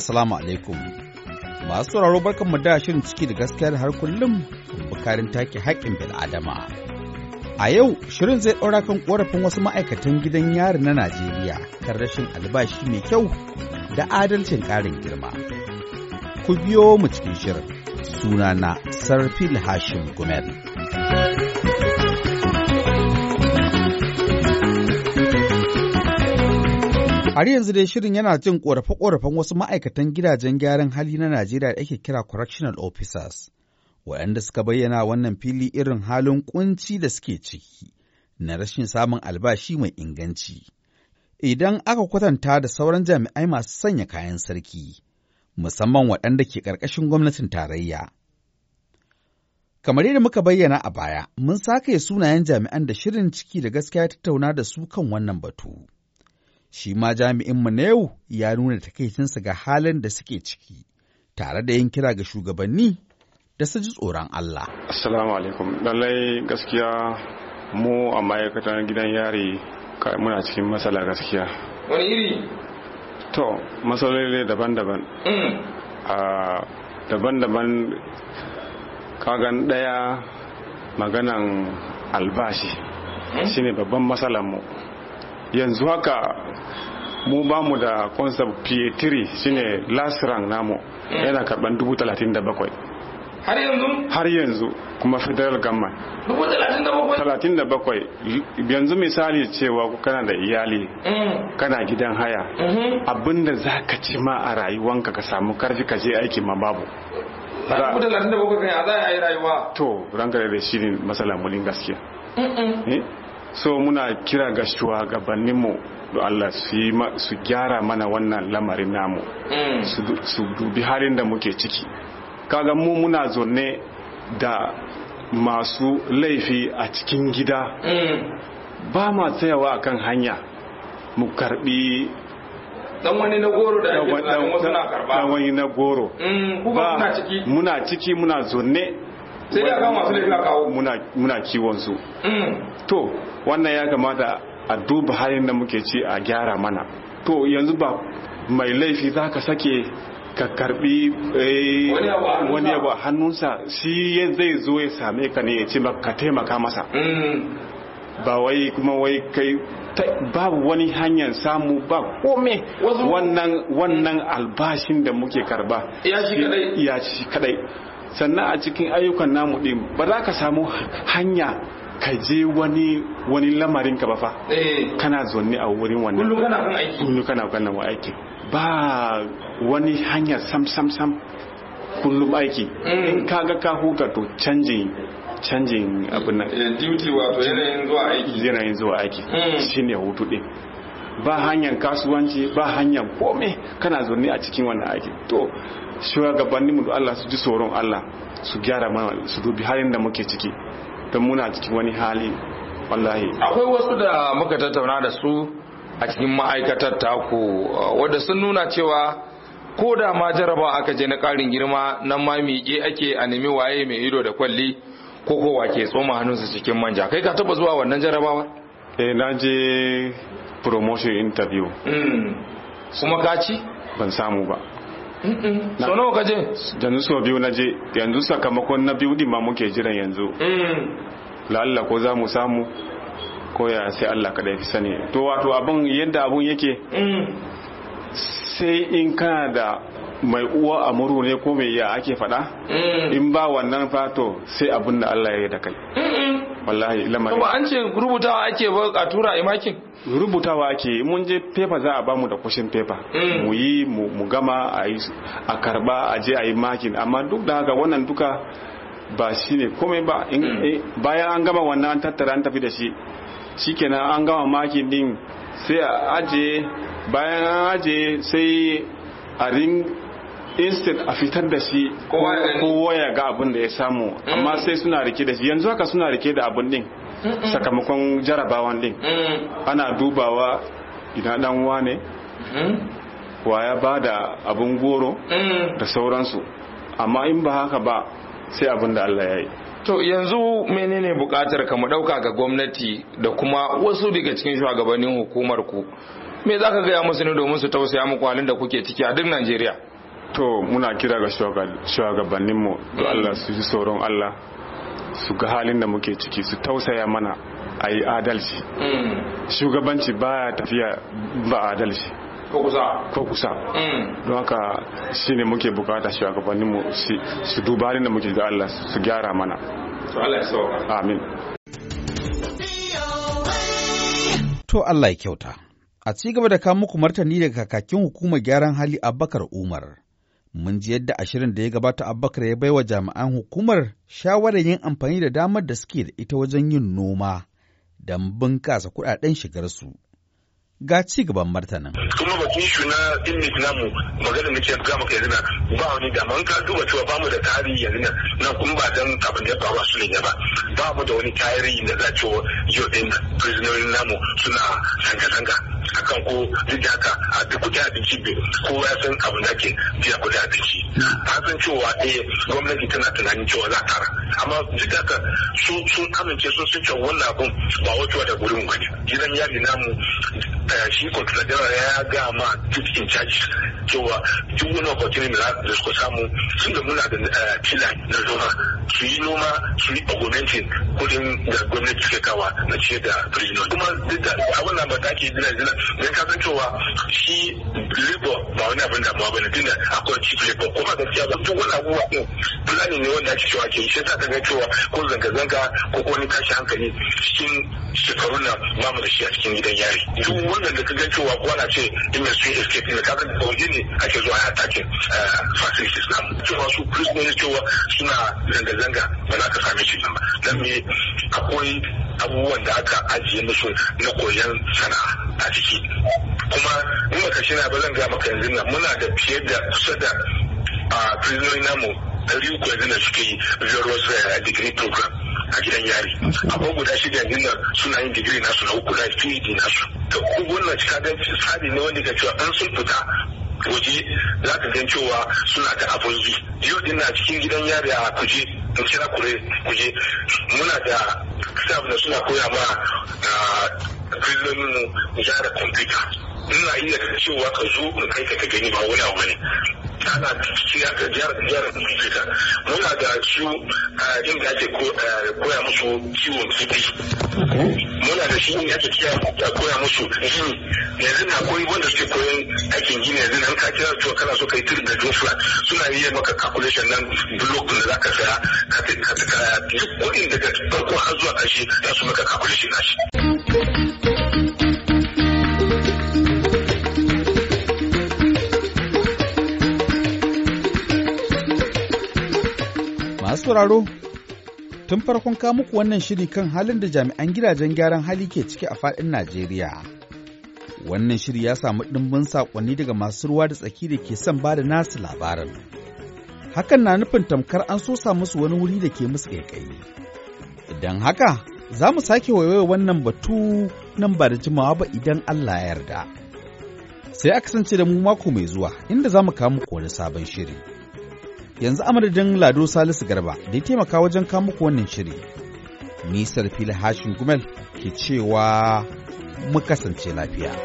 Assalamu alaikum. Masu sauraro barkan mu da shirin ciki da gaskiya har kullum bukarin take haƙƙin bil'adama. A yau shirin zai ɗora kan ƙorafin wasu ma'aikatan gidan yari na Najeriya kan rashin albashi mai kyau da adalcin ƙarin girma. Ku biyo mu cikin shirin sunana Sarfil Hashim Gumel. Har yanzu dai shirin yana jin ƙorafe-ƙorafen wasu ma'aikatan gidajen gyaran hali na Najeriya da ake kira correctional officers, waɗanda suka bayyana wannan fili irin halin kunci da suke ciki na rashin samun albashi mai inganci. Idan aka kwatanta da sauran jami'ai masu sanya kayan sarki, musamman waɗanda ke ƙarƙashin gwamnatin tarayya. Kamar yadda muka bayyana a baya, mun sake sunayen jami'an da shirin ciki da gaskiya tattauna da su kan wannan batu. shi ma jami'in Maneu ya nuna takaicinsa ga halin da suke ciki, tare da yin kira ga shugabanni da su ji tsoron Allah. Assalamu alaikum, lallai gaskiya mu a ma'aikatan gidan yari muna cikin matsala gaskiya. Wani iri? To, matsaloli daban-daban. Mm. Daban-daban kagan ɗaya maganan albashi mm. shine babban matsalar mu. yanzu haka mu ba mu da concept pietri shine last rank namu yana karban dubu talatin da bakwai har yanzu har yanzu kuma federal government dubu talatin da bakwai talatin da bakwai yanzu misali cewa kana da iyali mm. kana gidan haya mm-hmm. abinda za ka ci ma a rayuwanka ka samu karfi ka je aiki ma babu dubu talatin da bakwai a za a yi rayuwa to rangare da shi ne matsala mulin gaskiya so muna kira ga shugabanninmu da Allah su gyara mana wannan lamarin namu mm. su dubi halin da muke ciki kaga mu muna zonne da masu laifi a cikin gida mm. ba ma tsayawa akan hanya mu karbi dan wani na goro da ake na goro mm, ba muna ciki muna zonne sai da kawo masu laifin kawo muna kiwon su mm. to wannan ya kamata a duba halin da muke ci a gyara mana to yanzu ba mai laifi za ka sake ka karbi eh, wani abu a hannunsa shi zai zo ya same ka ne ya ce ka taimaka masa mm. ba wai kuma wai kai babu wani hanyar samu ba kome wannan wannan albashin da muke karba ya shi kadai sannan a cikin ayyukan namu ɗin ba za ka samu hanya ka je wani wani lamarin ka ba fa eh. kana zonni a wurin wannan kullum kana kan aiki kullum kana kan nan aiki ba wani hanya sam sam sam kullum aiki mm. in kaga ka huta to canjin canjin abin nan eh, duty wato yanayin zuwa aiki yanayin zuwa aiki mm. shine hutu din ba hanyar kasuwanci ba hanyar kome kana zaune a cikin wannan aiki to shugabannin mu da Allah su ji tsoron Allah su gyara mana su dubi halin da muke ciki don muna cikin wani hali wallahi akwai wasu da muka tattauna da su a cikin ma'aikatar taku wanda sun nuna cewa ko da ma jaraba aka je na ƙarin girma nan ma miƙe ake a nemi waye mai ido da kwalli ko kowa ke tsoma hannunsa cikin manja kai ka taba zuwa wannan jarabawa eh na je promotion interview mm. kuma ka ci ban samu ba so nawa ka je yanzu biyu na je yanzu sakamakon na biyu din ma muke jiran yanzu mm. la'alla ko za mu samu ko ya sai Allah kada fi sani to wato abin yadda abun yake mm. sai in kana da mai uwa a muru ne ko mai ya ake faɗa in ba wannan fato sai abin da Allah ya yi da kai wallahi lamarin ba an ce rubutawa ake ba a tura imakin rubutawa ake mun je paper za a bamu da kushin paper mm. mu yi mu gama a karba a je a yi makin amma duk da haka wannan duka ba shi ne komai ba mm. eh, bayan an gama wannan an tattara an tafi da shi shikenan an gama makin din sai a aje bayan an aje sai a ring instant a fitar da shi kowa waya ga abin da ya samu mm. amma sai suna rike da shi yanzu haka suna rike da abin din sakamakon jarabawan din mm. ana dubawa ina dan wane mm. wa ya ba da abin goro da sauransu amma in ba haka ba sai abin da Allah ya yi To yanzu menene bukatar ka mu dauka ga gwamnati da kuma wasu daga cikin shugabannin hukumar ku. Me za ka gaya musu ne domin su tausaya muku halin da kuke ciki a duk Najeriya? to muna kira ga shugabanninmu da allah su ji tsoron allah su ga halin da muke ciki su tausaya mana a yi adalci mm. shugabanci ya tafiya ba adalci ko kusa mm. don haka shi ne muke bukata shugabanninmu su duba halin da muke ga allah su gyara mana amin to allah ya kyauta a ci gaba da kawo muku martani daga kakakin hukumar gyaran hali a Bakar umar Mun ji yadda ashirin da ya gabata Abubakar ya baiwa jami'an hukumar shawarar yin amfani da damar da suke da ita wajen yin noma don bunkasa kuɗaɗen shigarsu. Ga ci gaban martanin. Kuma ba kun shuna indik namu magana muke ga maka yanzu ba wani dama in ka duba cewa ba mu da tarihi yanzu nan nan kuma ba dan abin da ba su a ba ba mu da wani tarihi da za a ce yau din prisoner namu suna zanga-zanga akan ko duk haka a duk kuɗin abinci kowa ya san abu da ake biya kuɗin abinci ta san cewa eh gwamnati tana tunanin cewa za tara amma duk haka sun amince sun sun cewa wannan abin ba wacewa da gurin bane gidan yari namu eh, shi controller general ya ga ma duk in charge cewa duk wani opportunity da suka samu sun da muna da fila eh, na zoma su yi noma su yi augmentin kudin da gwamnati suke kawa na ce da prisoner kuma duk da a da ba dina dina don ka cewa shi labor ba wani abin damuwa bane da akwai chief labor ko ba gaskiya ba duk wani abubuwa ɗin bulani ne wanda ake cewa ke shi ta ka cewa ko zanga-zanga ko wani tashi hankali cikin shekaru na ba mu da shi a cikin gidan yari duk wannan da ka ga cewa ko ana ce in su sun escape ne ka ga da waje ne ake zuwa ya take eh, facilities na. cewa su prisoners cewa suna zanga-zanga ba za ka same shi ba dan me akwai abubuwan da aka ajiye musu na koyon sana'a a ciki kuma in baka shi na ba zan ga maka yanzu nan muna da fiye da kusa da a prisoner namu ɗari uku yanzu da suke yi eh, degree program a gidan yari akwai guda shi yanzu nan suna yin digiri nasu na uku na phd e nasu da cika da tsari ne wanda ka cewa an sun fita waje za ka gan cewa suna da abun yi yau din na cikin gidan yari a kuje kira kure kuje muna da staff da suna koya ma filin mu gyara kwamfuta ina iya cewa ka zo in kai ka gani ba wani abu ne ana cikiya da jihar jihar kwamfuta muna da ciwo inda ake koya musu ciwon kifi muna da shi inda ake koya musu gini yanzu na koyi wanda suke koyon aikin gini yanzu nan ka kira cewa kana so kai tir da jun flat suna yi maka calculation nan block da za ka saya ka duk kuɗin daga farko har zuwa ƙarshe za su maka calculation nashi. Masu sauraro, tun farkon muku wannan shiri kan halin da jami'an gidajen gyaran hali ke ciki a faɗin Najeriya. Wannan shiri ya samu ɗimbin saƙonni daga masu ruwa da tsaki da ke son ba da nasu labarin. Hakan na nufin tamkar an so sa musu wani wuri da ke musu ƙaiƙayi. Idan haka, za mu sake waiwaye wannan batu nan ba da jimawa ba idan Allah ya yarda. Sai a kasance da mu mako mai zuwa inda za mu kawo muku wani sabon shiri. Yanzu amadadin Lado Salisu Garba da ya taimaka wajen muku wannan shiri. Nisar fili hashin gumel ke cewa mu kasance lafiya.